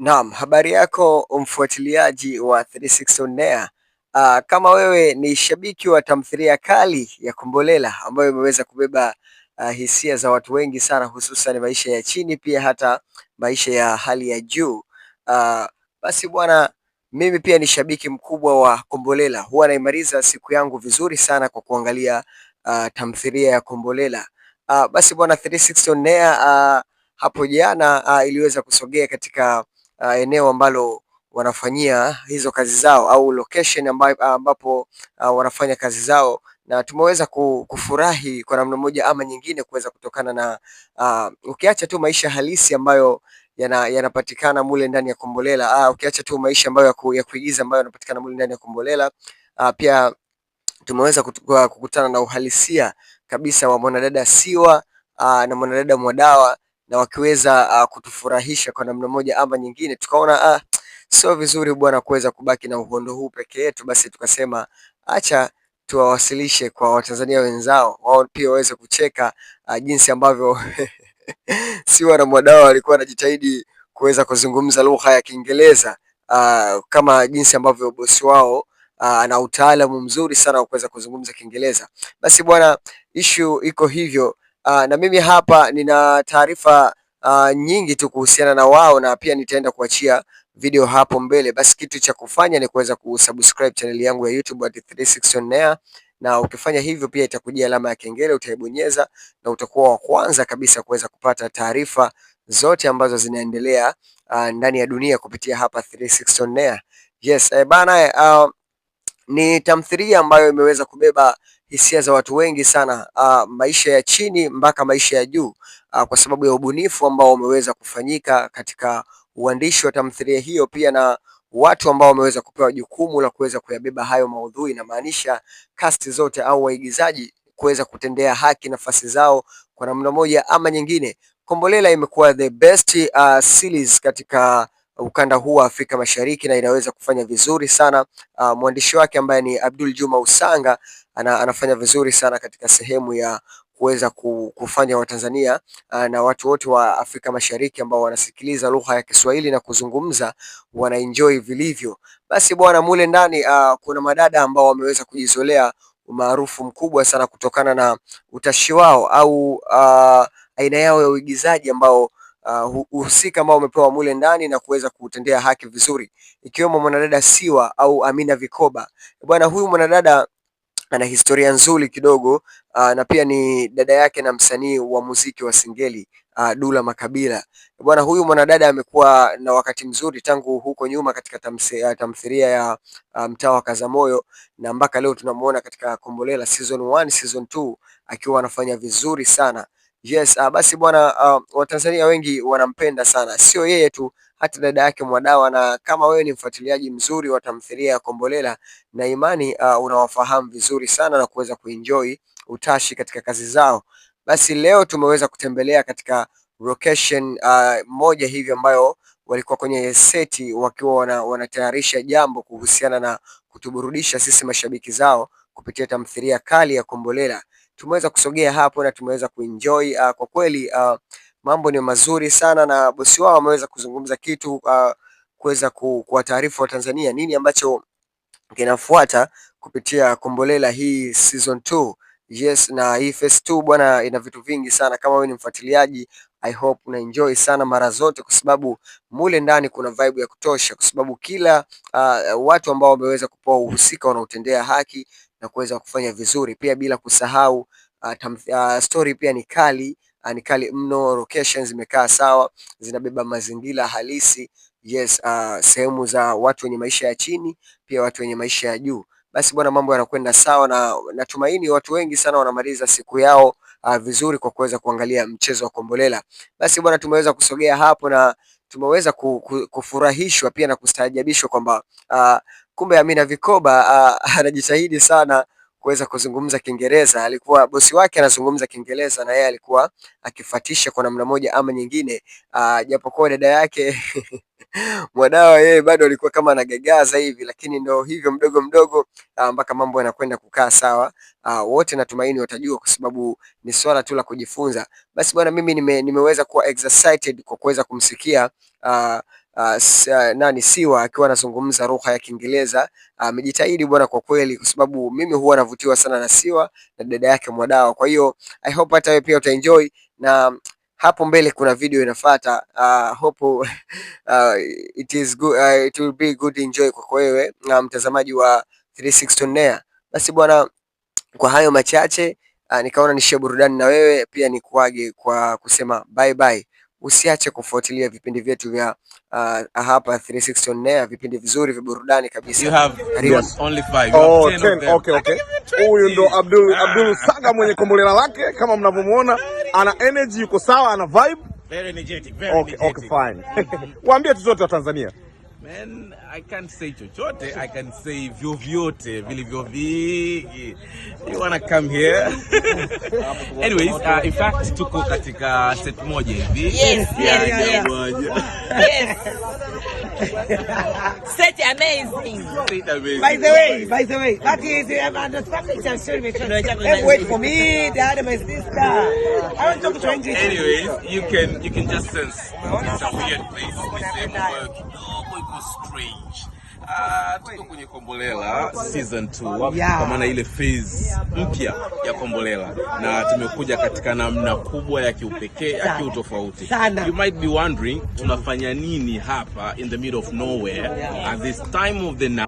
Naam, habari yako mfuatiliaji wa 360 on air. Uh, kama wewe ni shabiki wa tamthilia kali ya Kombolela ambayo imeweza kubeba uh, hisia za watu wengi sana hususan maisha ya chini pia hata maisha ya hali ya juu. Uh, basi bwana mimi pia ni shabiki mkubwa wa Kombolela. Huwa naimaliza siku yangu vizuri sana kwa kuangalia uh, tamthilia ya Kombolela. Uh, basi bwana 360 on air, uh, hapo jana uh, iliweza kusogea katika uh, eneo ambalo wanafanyia hizo kazi zao au location ambapo, uh, ambapo uh, wanafanya kazi zao na tumeweza kufurahi kwa namna moja ama nyingine kuweza kutokana na uh, ukiacha tu maisha halisi ambayo yanapatikana yana mule ndani ya Kombolela uh, ukiacha tu maisha ambayo ya, ku, ya kuigiza ambayo yanapatikana mule ndani ya Kombolela uh, pia tumeweza kukutana na uhalisia kabisa wa mwanadada Siwa uh, na mwanadada Mwadawa na wakiweza uh, kutufurahisha kwa namna moja ama nyingine, tukaona uh, sio vizuri bwana kuweza kubaki na uhondo huu peke yetu, basi tukasema acha tuwawasilishe kwa Watanzania wenzao, wao pia waweze kucheka uh, jinsi ambavyo si wana mwadao walikuwa wanajitahidi kuweza kuzungumza lugha ya Kiingereza uh, kama jinsi ambavyo bosi wao ana uh, utaalamu mzuri sana wa kuweza kuzungumza Kiingereza. Basi bwana, ishu iko hivyo Ah, na mimi hapa nina taarifa uh, nyingi tu kuhusiana na wao na pia nitaenda kuachia video hapo mbele. Basi kitu cha kufanya ni kuweza kusubscribe channel yangu ya YouTube at 36 on air, na ukifanya hivyo pia itakujia alama ya kengele, utaibonyeza na utakuwa wa kwanza kabisa kuweza kupata taarifa zote ambazo zinaendelea uh, ndani ya dunia kupitia hapa 36 on air. Yes, eh, bana eh, uh, ni tamthilia ambayo imeweza kubeba hisia za watu wengi sana, uh, maisha ya chini mpaka maisha ya juu, uh, kwa sababu ya ubunifu ambao umeweza kufanyika katika uandishi wa tamthilia hiyo, pia na watu ambao wameweza kupewa jukumu la kuweza kuyabeba hayo maudhui, inamaanisha kasti zote au waigizaji kuweza kutendea haki nafasi zao kwa namna moja ama nyingine. Kombolela imekuwa the best uh, series katika ukanda huu wa Afrika Mashariki na inaweza kufanya vizuri sana. Uh, mwandishi wake ambaye ni Abdul Juma Usanga ana, anafanya vizuri sana katika sehemu ya kuweza kufanya Watanzania ah, na watu wote wa Afrika Mashariki ambao wanasikiliza lugha ya Kiswahili na kuzungumza wanaenjoy vilivyo. Basi bwana, mule ndani uh, kuna madada ambao wameweza kujizolea umaarufu mkubwa sana kutokana na utashi wao au uh, aina yao ya uigizaji ambao uhusika uh, ambao umepewa mule ndani na kuweza kutendea haki vizuri, ikiwemo mwanadada Siwa au Amina Vikoba. Bwana huyu mwanadada ana historia nzuri kidogo uh, na pia ni dada yake na msanii wa muziki wa Singeli uh, Dula Makabila. Bwana huyu mwanadada amekuwa na wakati mzuri tangu huko nyuma katika uh, tamthilia ya uh, mtaa wa Kazamoyo na mpaka leo tunamuona katika Kombolela season 1, season 2 akiwa anafanya vizuri sana. Yes, uh, basi bwana uh, Watanzania wengi wanampenda sana, sio yeye tu, hata dada yake Mwadawa. Na kama wewe ni mfuatiliaji mzuri wa tamthilia ya Kombolela na Imani uh, unawafahamu vizuri sana na kuweza kuenjoy utashi katika kazi zao, basi leo tumeweza kutembelea katika location uh, moja hivi ambayo walikuwa kwenye seti wakiwa wana, wanatayarisha jambo kuhusiana na kutuburudisha sisi mashabiki zao kupitia tamthilia kali ya Kombolela tumeweza kusogea hapo na tumeweza kuenjoy uh, kwa kweli uh, mambo ni mazuri sana na bosi wao ameweza kuzungumza kitu uh, kuweza wa Watanzania nini ambacho kinafuata kupitia Kombolela hii season 2. Yes, na hii phase 2 bwana ina vitu vingi sana. Kama wewe ni mfuatiliaji, I hope una enjoy sana mara zote, kwa sababu mule ndani kuna vibe ya kutosha, kwa sababu kila uh, watu ambao wameweza kupewa uhusika wanaotendea haki na kuweza kufanya vizuri, pia bila kusahau uh, uh, story pia ni kali uh, ni kali mno. Location zimekaa sawa, zinabeba mazingira halisi yes, uh, sehemu za watu wenye maisha ya chini, pia watu wenye maisha ya juu. Basi bwana, mambo yanakwenda sawa, na natumaini watu wengi sana wanamaliza siku yao uh, vizuri kwa kuweza kuangalia mchezo wa Kombolela. Basi bwana, tumeweza kusogea hapo na tumeweza kufurahishwa pia na kustaajabishwa kwamba uh, Kumbe Amina Vikoba uh, anajitahidi sana kuweza kuzungumza Kiingereza. Alikuwa bosi wake anazungumza Kiingereza na yeye alikuwa akifuatisha kwa namna moja ama nyingine, ah, japokuwa dada yake mwanao yeye bado alikuwa kama anagagaza hivi, lakini ndo hivyo mdogo mdogo ah, mpaka mambo yanakwenda kukaa sawa. Uh, wote natumaini watajua kwa sababu ni swala tu la kujifunza. Basi bwana, mimi nime, nimeweza kuwa excited kwa kuweza kumsikia uh, Uh, nani Siwa akiwa anazungumza lugha ya Kiingereza ah, amejitahidi uh, bwana kwa kweli, kwa sababu mimi huwa navutiwa sana na Siwa na dada yake Mwadawa. Kwa hiyo I hope hata wewe pia utaenjoy, na hapo mbele kuna video inafuata. Uh, hope uh, it is good, uh, it will be good enjoy kwa wewe na mtazamaji wa 360 on air. Basi bwana, kwa hayo machache uh, nikaona nishie burudani na wewe pia nikuage kwa kusema bye bye usiache kufuatilia vipindi vyetu vya uh, hapa 360 on air, vipindi vizuri vya burudani kabisa. You You have have yes. only five. oh, 10 Okay, okay. Huyu ndo Abdul Abdul Saga mwenye kombolela lake, kama mnavyomuona, ana energy, yuko sawa, ana vibe, very energetic, very okay, energetic. Okay, fine. Waambie tu zote wa Tanzania. Man, I can't say chochote, I can say vyovyote vilivyo You wanna come here? Anyways, uh, in fact tuko katika set moja hivi. Yes, yeah, yes, Yes. Set amazing. Set amazing. By the way, by the way, that is I'm uh, understanding I'm sure make Wait for me, the other my sister. I want to talk to Anyways, you can you can just sense it's a weird place. It's a weird place. Ah, tuko strange. Uh, tuko kwenye Kombolela season 2 yeah. Kwa maana ile phase mpya ya Kombolela na tumekuja katika namna kubwa ya kiupekee ya kiutofauti. You might be wondering tunafanya nini hapa in the middle of nowhere at this time of the night.